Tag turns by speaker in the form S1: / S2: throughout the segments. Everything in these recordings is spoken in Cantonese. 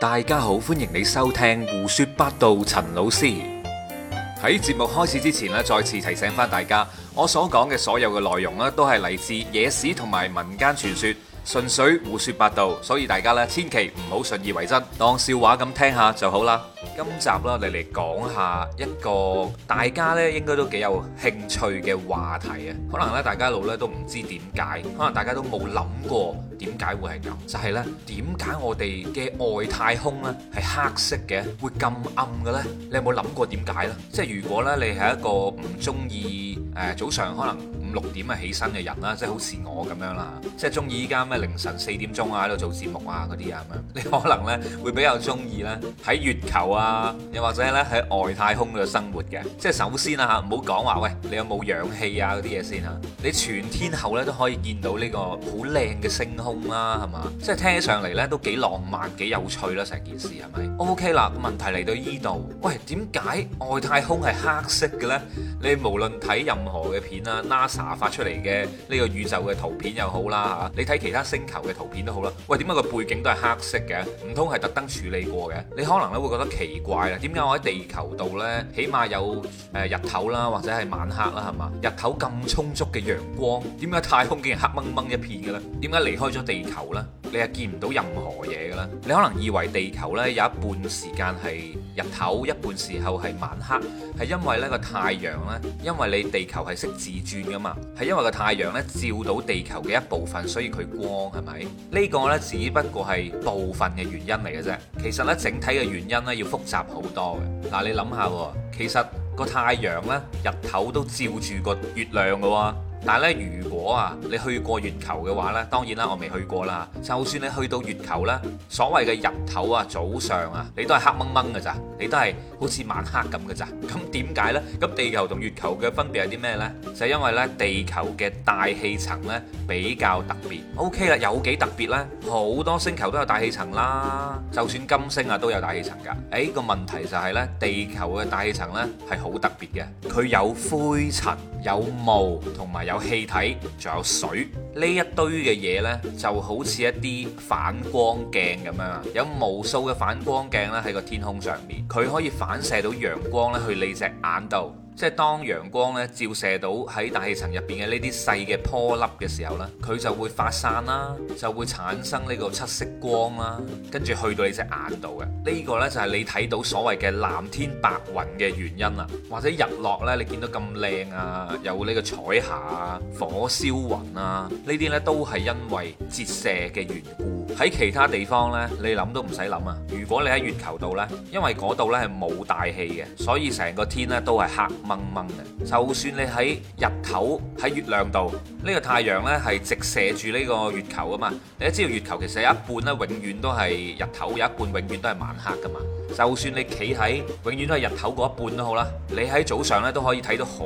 S1: 大家好，歡迎你收聽胡說八道陳老師。喺節目開始之前呢，再次提醒翻大家，我所講嘅所有嘅內容呢，都係嚟自野史同埋民間傳說。純粹胡說八道，所以大家呢，千祈唔好信以為真，當笑話咁聽下就好啦。今集啦，我哋嚟講下一個大家呢應該都幾有興趣嘅話題啊。可能呢大家一路呢都唔知點解，可能大家都冇諗過點解會係咁。就係呢點解我哋嘅外太空呢係黑色嘅，會咁暗嘅呢？你有冇諗過點解呢？即係如果呢你係一個唔中意誒早上可能。六點啊起身嘅人啦，即係好似我咁樣啦，即係中意依家咩凌晨四點鐘啊喺度做節目啊嗰啲啊咁樣，你可能呢會比較中意呢喺月球啊，又或者呢喺外太空度生活嘅。即係首先啊唔好講話喂，你有冇氧氣啊嗰啲嘢先嚇、啊，你全天候呢都可以見到呢個好靚嘅星空啦、啊，係嘛？即係聽起上嚟呢都幾浪漫幾有趣啦、啊，成件事係咪？OK 啦，咁問題嚟到依度，喂，點解外太空係黑色嘅呢？你無論睇任何嘅片啊查發出嚟嘅呢個宇宙嘅圖片又好啦嚇，你睇其他星球嘅圖片都好啦。喂，點解個背景都係黑色嘅？唔通係特登處理過嘅？你可能咧會覺得奇怪啦。點解我喺地球度呢？起碼有誒日頭啦，或者係晚黑啦，係嘛？日頭咁充足嘅陽光，點解太空竟然黑掹掹一片嘅咧？點解離開咗地球呢？你係見唔到任何嘢嘅咧？你可能以為地球呢有一半時間係日頭，一半時候係晚黑，係因為呢，呢個太陽呢，因為你地球係識自轉嘅嘛。係因為個太陽咧，照到地球嘅一部分，所以佢光係咪？呢個呢，只不過係部分嘅原因嚟嘅啫。其實呢，整體嘅原因呢，要複雜好多嘅。嗱，你諗下，其實個太陽呢，日頭都照住個月亮噶。但係咧，如果啊，你去過月球嘅話呢，當然啦，我未去過啦。就算你去到月球啦，所謂嘅日頭啊、早上啊，你都係黑掹掹嘅咋，你都係好似晚黑咁嘅咋。咁點解呢？咁地球同月球嘅分別係啲咩呢？就係因為呢，地球嘅大氣層呢，比較特別。OK 啦，有幾特別呢？好多星球都有大氣層啦，就算金星啊都有大氣層噶。誒，呢個問題就係呢，地球嘅大氣層呢係好特別嘅，佢有灰塵、有霧同埋，有氣體，仲有水，呢一堆嘅嘢呢，就好似一啲反光鏡咁樣，有無數嘅反光鏡咧喺個天空上面，佢可以反射到陽光咧去你隻眼度。即係當陽光咧照射到喺大氣層入邊嘅呢啲細嘅顆粒嘅時候呢，佢就會發散啦、啊，就會產生呢個七色光啦、啊，跟住去到你隻眼度嘅呢個呢，就係、是、你睇到所謂嘅藍天白雲嘅原因啦，或者日落呢，你見到咁靚啊，有呢個彩霞啊、火燒雲啊，呢啲呢都係因為折射嘅緣故。喺其他地方呢，你諗都唔使諗啊。如果你喺月球度呢，因為嗰度呢係冇大氣嘅，所以成個天呢都係黑。掹掹嘅，就算你喺日頭喺月亮度，呢個太陽呢係直射住呢個月球啊嘛，你都知道月球其實有一半呢永遠都係日頭，有一半永遠都係晚黑噶嘛。就算你企喺永遠都係日頭嗰一半都好啦，你喺早上呢都可以睇到好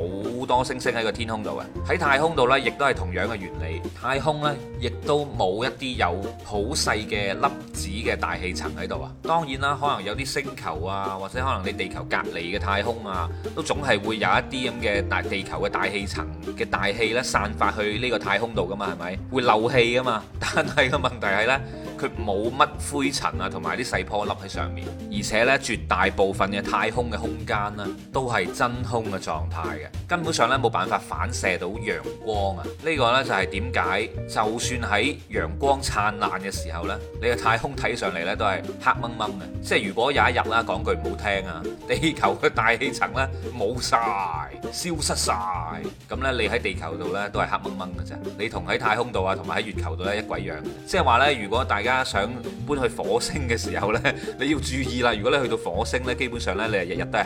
S1: 多星星喺個天空度啊。喺太空度呢，亦都係同樣嘅原理。太空呢，亦都冇一啲有好細嘅粒子嘅大氣層喺度啊。當然啦，可能有啲星球啊，或者可能你地球隔離嘅太空啊，都總係會有一啲咁嘅大地球嘅大氣層嘅大氣呢，散發去呢個太空度噶嘛，係咪？會漏氣㗎嘛。但係個問題係呢。佢冇乜灰塵啊，同埋啲細顆粒喺上面，而且呢，絕大部分嘅太空嘅空間呢，都係真空嘅狀態嘅，根本上呢，冇辦法反射到陽光啊！呢個呢，就係點解就算喺陽光燦爛嘅時候呢，你嘅太空睇上嚟呢，都係黑掹掹嘅。即係如果有一日啦，講句唔好聽啊，地球嘅大氣層呢冇晒，消失晒。咁呢，你喺地球度呢，都係黑掹掹嘅啫。你同喺太空度啊，同埋喺月球度呢，一鬼樣。即係話呢，如果大家想搬去火星嘅時候呢，你要注意啦。如果你去到火星呢，基本上呢，你係日日都係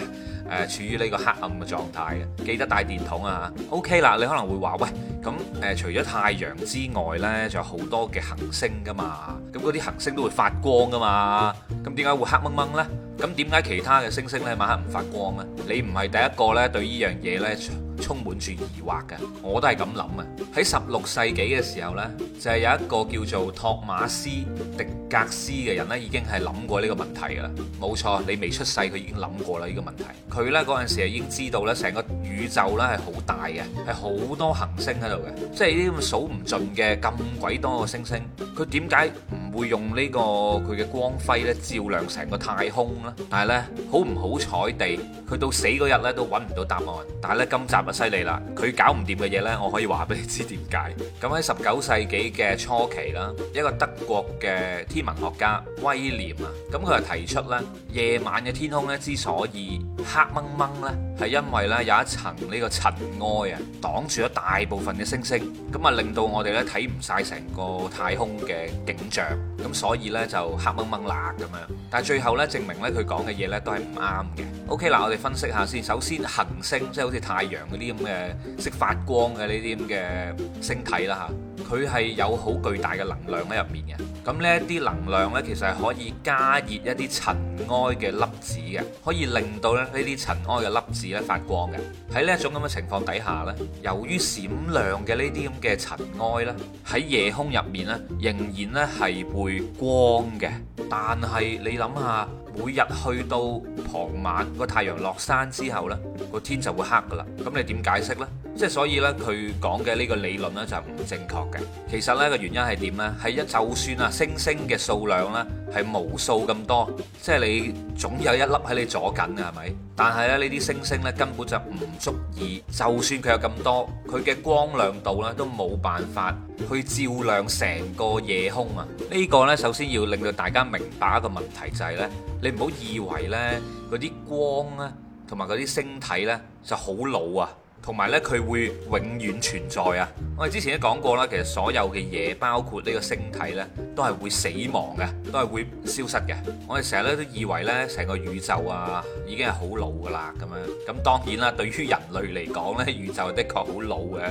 S1: 誒處於呢個黑暗嘅狀態嘅，記得帶電筒啊。OK 啦，你可能會話「喂咁誒、呃，除咗太陽之外呢，仲有好多嘅行星噶嘛，咁嗰啲行星都會發光噶嘛，咁點解會黑掹掹呢？咁點解其他嘅星星呢晚黑唔發光呢？你唔係第一個呢對呢樣嘢呢。」充滿住疑惑嘅，我都係咁諗啊！喺十六世紀嘅時候呢，就係有一個叫做托馬斯·迪格斯嘅人呢，已經係諗過呢個問題啦。冇錯，你未出世佢已經諗過啦呢個問題。佢呢嗰陣時係已經知道呢，成個宇宙呢係好大嘅，係好多行星喺度嘅，即係呢咁數唔盡嘅咁鬼多個星星。佢點解唔會用呢個佢嘅光輝呢照亮成個太空呢？但係呢，好唔好彩地，佢到死嗰日呢都揾唔到答案。但係呢，今集。犀利啦！佢搞唔掂嘅嘢呢，我可以話俾你知點解。咁喺十九世紀嘅初期啦，一個德國嘅天文學家威廉啊，咁佢就提出呢夜晚嘅天空呢，之所以黑掹掹呢，係因為呢有一層呢個塵埃啊擋住咗大部分嘅星星，咁啊令到我哋呢睇唔晒成個太空嘅景象，咁所以呢，就黑掹掹啦咁樣。但係最後呢，證明呢佢講嘅嘢呢，都係唔啱嘅。OK 嗱，我哋分析下先，首先恆星即係好似太陽。呢啲咁嘅識發光嘅呢啲咁嘅星體啦吓。佢係有好巨大嘅能量喺入面嘅，咁呢啲能量咧，其實係可以加熱一啲塵埃嘅粒子嘅，可以令到咧呢啲塵埃嘅粒子咧發光嘅。喺呢一種咁嘅情況底下咧，由於閃亮嘅呢啲咁嘅塵埃咧，喺夜空入面咧仍然咧係會光嘅。但係你諗下，每日去到傍晚個太陽落山之後咧，個天就會黑㗎啦。咁你點解釋咧？即係所以咧，佢講嘅呢個理論咧就唔正確嘅。其實呢個原因係點咧？係一就算啊星星嘅數量咧係無數咁多，即係你總有一粒喺你左近啊，係咪？但係咧呢啲星星咧根本就唔足以，就算佢有咁多，佢嘅光亮度咧都冇辦法去照亮成個夜空啊！呢個咧首先要令到大家明白一個問題就係咧，你唔好以為咧嗰啲光啊同埋嗰啲星體咧就好老啊。同埋呢，佢會永遠存在啊！我哋之前都講過啦，其實所有嘅嘢，包括呢個星體呢，都係會死亡嘅，都係會消失嘅。我哋成日咧都以為呢成個宇宙啊已經係好老噶啦咁樣。咁當然啦，對於人類嚟講呢，宇宙的確好老嘅，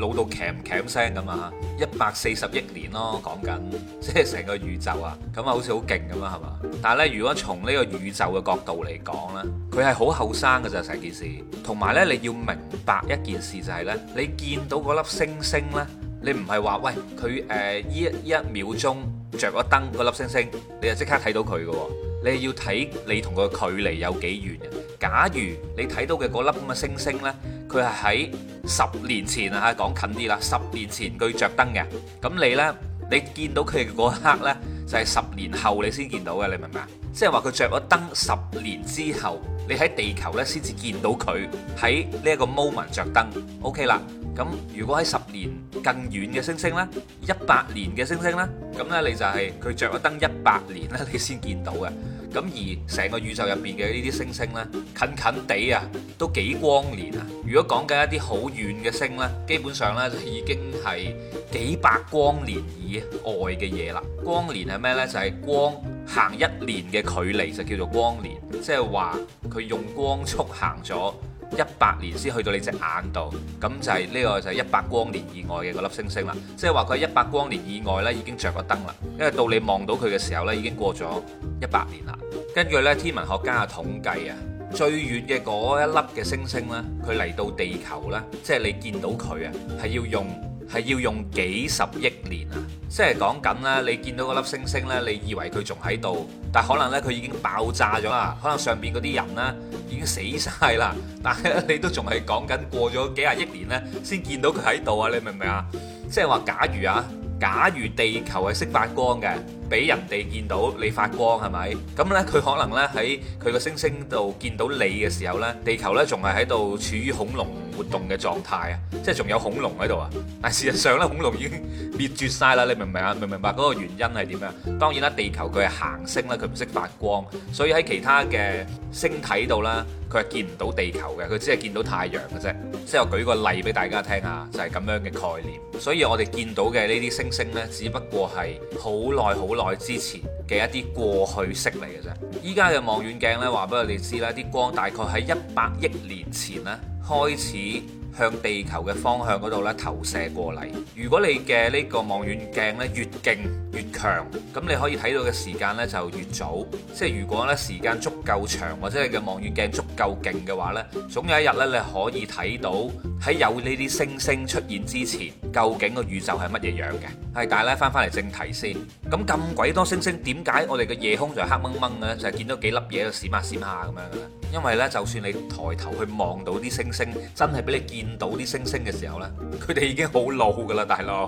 S1: 老到噉噉聲咁啊，一百四十億年咯，講緊即係成個宇宙啊。咁啊，好似好勁咁啊，係嘛？但係呢，如果從呢個宇宙嘅角度嚟講呢，佢係好後生噶咋成件事。同埋呢，你要明白。一件事就係、是、呢：你見到嗰粒星星呢，你唔係話喂佢誒呢一秒鐘着咗燈嗰粒星星，你就即刻睇到佢嘅喎，你係要睇你同佢距離有幾遠。假如你睇到嘅嗰粒咁嘅星星呢，佢係喺十年前啊，講近啲啦，十年前佢着燈嘅，咁你呢，你見到佢嘅嗰刻呢，就係、是、十年後你先見到嘅，你明唔明啊？即係話佢着咗燈十年之後。你喺地球咧，先至見到佢喺呢一個 moment 着燈，OK 啦。咁如果喺十年更遠嘅星星咧，一百年嘅星星咧，咁呢你就係佢着咗燈一百年呢，你先見到嘅。咁而成個宇宙入邊嘅呢啲星星呢，近近地啊，都幾光年啊。如果講緊一啲好遠嘅星呢，基本上呢已經係幾百光年以外嘅嘢啦。光年係咩呢？就係光行一年嘅距離就叫做光年，即係話佢用光速行咗一百年先去到你隻眼度，咁就係呢個就係一百光年以外嘅粒星星啦。即係話佢喺一百光年以外呢已經着咗燈啦，因為到你望到佢嘅時候呢，已經過咗一百年啦。跟住咧，天文學家啊統計啊，最遠嘅嗰一粒嘅星星咧，佢嚟到地球咧，即係你見到佢啊，係要用係要用幾十億年啊！即係講緊咧，你見到嗰粒星星咧，你以為佢仲喺度，但可能咧佢已經爆炸咗啦，可能上邊嗰啲人咧已經死晒啦，但係你都仲係講緊過咗幾廿億年咧先見到佢喺度啊！你明唔明啊？即係話假如啊，假如地球係識發光嘅。俾人哋見到你發光係咪？咁咧，佢可能咧喺佢個星星度見到你嘅時候咧，地球咧仲係喺度處於恐龍活動嘅狀態啊，即係仲有恐龍喺度啊！但事實上咧，恐龍已經滅絕晒啦。你明唔明啊？明唔明白嗰個原因係點樣？當然啦，地球佢係行星咧，佢唔識發光，所以喺其他嘅星體度咧，佢係見唔到地球嘅，佢只係見到太陽嘅啫。即係我舉個例俾大家聽下，就係咁樣嘅概念。所以我哋見到嘅呢啲星星咧，只不過係好耐好耐。之前嘅一啲過去式嚟嘅啫。依家嘅望遠鏡呢，話俾你知啦，啲光大概喺一百億年前呢開始向地球嘅方向嗰度呢投射過嚟。如果你嘅呢個望遠鏡呢越勁越強，咁你可以睇到嘅時間呢就越早。即係如果呢時間足夠長，或者你嘅望遠鏡足夠勁嘅話呢，總有一日呢你可以睇到。喺有呢啲星星出現之前，究竟個宇宙係乜嘢樣嘅？係，但係咧翻返嚟正題先。咁咁鬼多星星，點解我哋嘅夜空就係黑掹掹嘅咧？就係、是、見到幾粒嘢閃下閃下咁樣嘅喇。因為呢，就算你抬頭去望到啲星星，真係俾你見到啲星星嘅時候咧，佢哋已經好老噶啦，大佬。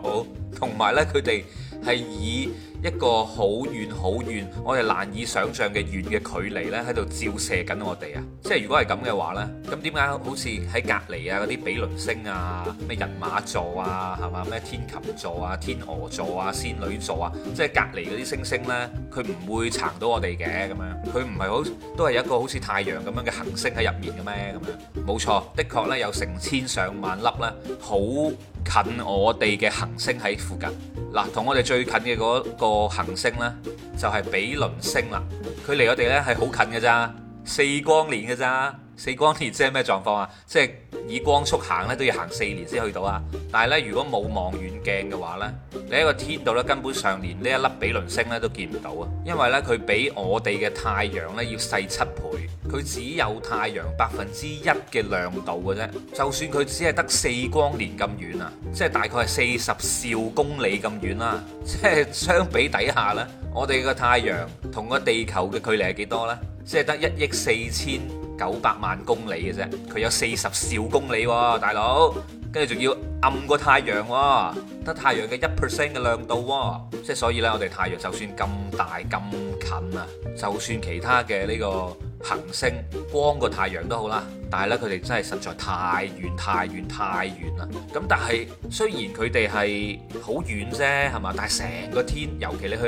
S1: 同埋呢，佢哋係以，一個好遠好遠，我哋難以想像嘅遠嘅距離呢，喺度照射緊我哋啊！即係如果係咁嘅話呢，咁點解好似喺隔離啊嗰啲比鄰星啊，咩人馬座啊，係嘛咩天琴座啊、天鵝座啊、仙女座啊，即係隔離嗰啲星星呢，佢唔會殘到我哋嘅咁樣，佢唔係好都係一個好似太陽咁樣嘅行星喺入面嘅咩？咁樣冇錯，的確呢，有成千上萬粒呢。好。近我哋嘅行星喺附近，嗱，同我哋最近嘅嗰個行星咧，就係比鄰星啦。佢離我哋咧係好近嘅咋，四光年嘅咋，四光年即係咩狀況啊？即係。以光速行咧都要行四年先去到啊！但係咧，如果冇望遠鏡嘅話呢，你喺個天度咧根本上連呢一粒比鄰星咧都見唔到啊！因為呢，佢比我哋嘅太陽咧要細七倍，佢只有太陽百分之一嘅亮度嘅啫。就算佢只係得四光年咁遠啊，即係大概係四十兆公里咁遠啦，即係相比底下呢，我哋嘅太陽同個地球嘅距離係幾多呢？即係得一億四千。九百萬公里嘅啫，佢有四十兆公里喎、哦，大佬，跟住仲要暗過太陽喎、哦，得太陽嘅一 percent 嘅亮度喎、哦，即係所以呢，我哋太陽就算咁大咁近啊，就算其他嘅呢個行星光個太陽都好啦，但係咧，佢哋真係實在太遠太遠太遠啦。咁但係雖然佢哋係好遠啫，係嘛？但係成個天，尤其你去一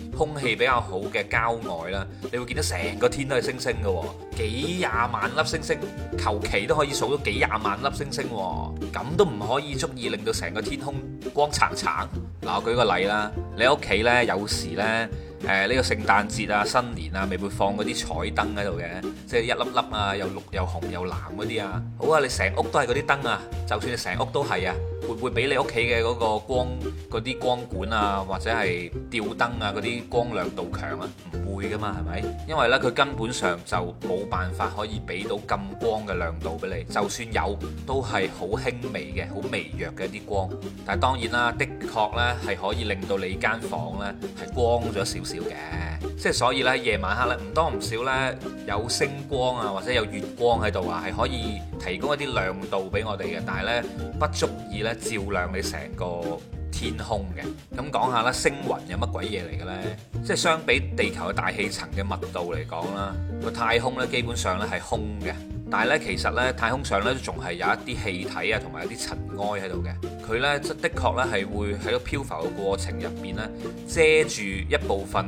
S1: 啲空氣比較好嘅郊外啦，你會見到成個天都係星星嘅，幾廿萬粒星星，求其都可以數到幾廿萬粒星星，咁都唔可以足以令到成個天空光燦燦。嗱，我舉個例啦，你屋企咧有時咧。誒呢、呃這個聖誕節啊、新年啊，咪會放嗰啲彩燈喺度嘅，即係一粒粒啊，又綠又紅又藍嗰啲啊，好啊，你成屋都係嗰啲燈啊，就算你成屋都係啊。會唔會俾你屋企嘅嗰個光嗰啲光管啊，或者係吊燈啊嗰啲光亮度強啊？唔會噶嘛，係咪？因為呢，佢根本上就冇辦法可以俾到咁光嘅亮度俾你，就算有都係好輕微嘅、好微弱嘅一啲光。但係當然啦，的確呢係可以令到你間房呢係光咗少少嘅。即係所以咧，夜晚黑咧唔多唔少呢有星光啊，或者有月光喺度啊，係可以提供一啲亮度俾我哋嘅。但係呢，不足以咧照亮你成個天空嘅。咁講下啦，星雲有乜鬼嘢嚟嘅呢？即係相比地球嘅大氣層嘅密度嚟講啦，個太空呢基本上咧係空嘅。但係呢，其實呢太空上呢仲係有一啲氣體啊，同埋一啲塵埃喺度嘅。佢呢，即係的確咧係會喺個漂浮嘅過程入邊呢，遮住一部分，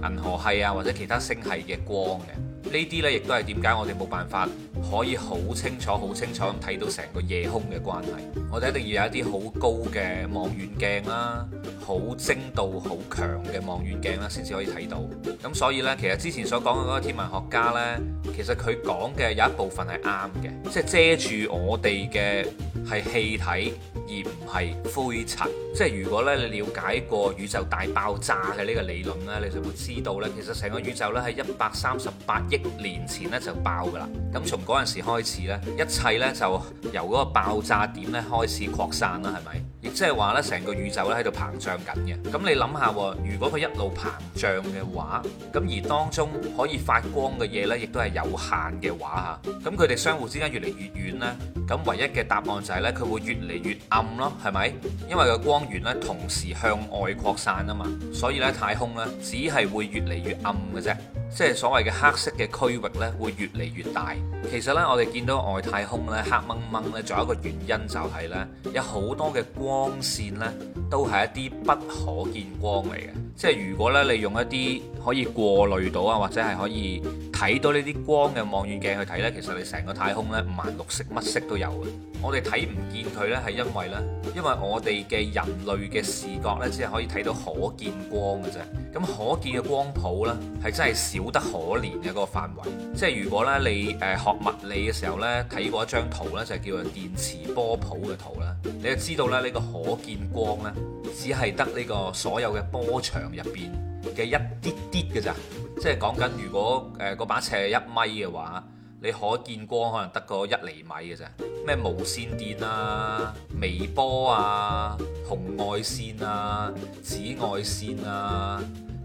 S1: 銀河系啊，或者其他星系嘅光嘅，呢啲呢，亦都係點解我哋冇辦法可以好清楚、好清楚咁睇到成個夜空嘅關係。我哋一定要有一啲好高嘅望遠鏡啦，好精度、好強嘅望遠鏡啦，先至可以睇到。咁所以呢，其實之前所講嘅嗰個天文學家呢，其實佢講嘅有一部分係啱嘅，即係遮住我哋嘅係氣體。而唔係灰塵，即係如果咧你了解過宇宙大爆炸嘅呢個理論咧，你就會知道咧，其實成個宇宙咧係一百三十八億年前咧就爆噶啦。咁從嗰陣時開始咧，一切咧就由嗰個爆炸點咧開始擴散啦，係咪？亦即係話咧，成個宇宙咧喺度膨脹緊嘅。咁你諗下，如果佢一路膨脹嘅話，咁而當中可以發光嘅嘢咧，亦都係有限嘅話吓，咁佢哋相互之間越嚟越遠咧，咁唯一嘅答案就係咧，佢會越嚟越暗。暗咯，係咪？因為個光源咧，同時向外擴散啊嘛，所以咧，太空咧，只係會越嚟越暗嘅啫。即係所謂嘅黑色嘅區域咧，會越嚟越大。其實呢，我哋見到外太空呢，黑掹掹呢，仲有一個原因就係呢，有好多嘅光線呢都係一啲不可見光嚟嘅。即係如果呢，你用一啲可以過濾到啊，或者係可以睇到呢啲光嘅望遠鏡去睇呢，其實你成個太空呢，五顏六色，乜色都有嘅。我哋睇唔見佢呢，係因為呢，因為我哋嘅人類嘅視覺呢，只係可以睇到可見光嘅啫。咁可見嘅光譜呢，係真係少得可憐嘅一個範圍。即係如果呢，你誒學物理嘅時候呢，睇過一張圖呢，就叫做電磁波譜嘅圖啦。你就知道咧，呢個可見光呢，只係得呢個所有嘅波長入邊嘅一啲啲嘅咋。即係講緊如果誒嗰把尺係一米嘅話，你可見光可能得個一厘米嘅咋。咩無線電啊、微波啊、紅外線啊、紫外線啊。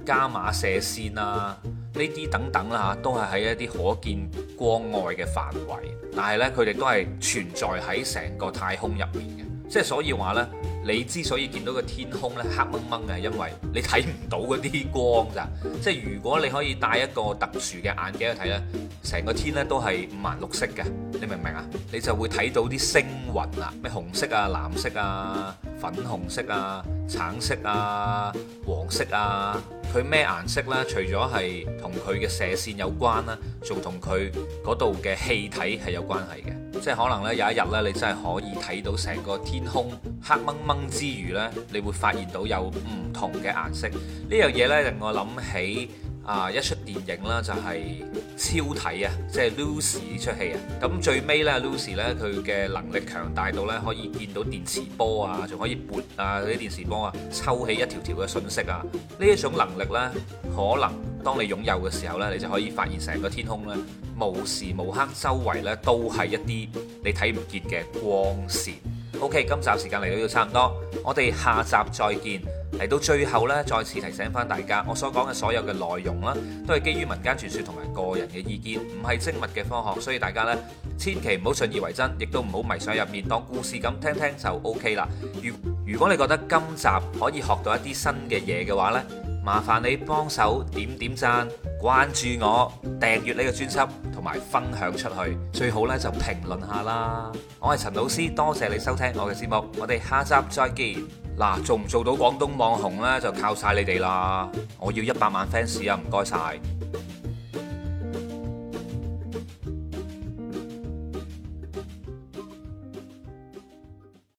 S1: 伽馬射線啊，呢啲等等啦、啊、都係喺一啲可見光外嘅範圍，但係呢，佢哋都係存在喺成個太空入面嘅。即係所以話呢，你之所以見到個天空呢黑掹掹嘅，因為你睇唔到嗰啲光咋。即係如果你可以戴一個特殊嘅眼鏡去睇呢，成個天呢都係五顏六色嘅。你明唔明啊？你就會睇到啲星雲啊，咩紅色啊、藍色啊。粉紅色啊、橙色啊、黃色啊，佢咩顏色呢？除咗係同佢嘅射線有關啦，仲同佢嗰度嘅氣體係有關係嘅。即係可能呢有一日呢，你真係可以睇到成個天空黑掹掹之餘呢，你會發現到有唔同嘅顏色。呢樣嘢呢，令我諗起。啊！一出電影啦，就係超體啊，即係 Lucy 呢出戲啊。咁最尾呢，Lucy 呢，佢嘅能力強大到呢，可以見到電磁波啊，仲可以撥啊嗰啲電磁波啊，抽起一條條嘅訊息啊。呢一種能力呢，可能當你擁有嘅時候呢，你就可以發現成個天空呢，無時無刻周圍呢都係一啲你睇唔見嘅光線。OK，今集時間嚟到要差唔多，我哋下集再見。嚟到最後呢，再次提醒翻大家，我所講嘅所有嘅內容啦，都係基於民間傳説同埋個人嘅意見，唔係精密嘅科學，所以大家呢，千祈唔好信以為真，亦都唔好迷上入面，當故事咁聽，聽就 OK 啦。如如果你覺得今集可以學到一啲新嘅嘢嘅話呢，麻煩你幫手點點讚、關注我、訂閱呢個專輯同埋分享出去，最好呢就評論下啦。我係陳老師，多謝你收聽我嘅節目，我哋下集再見。嗱，做唔做到廣東網紅呢？就靠晒你哋啦！我要一百萬 fans 啊，唔該晒。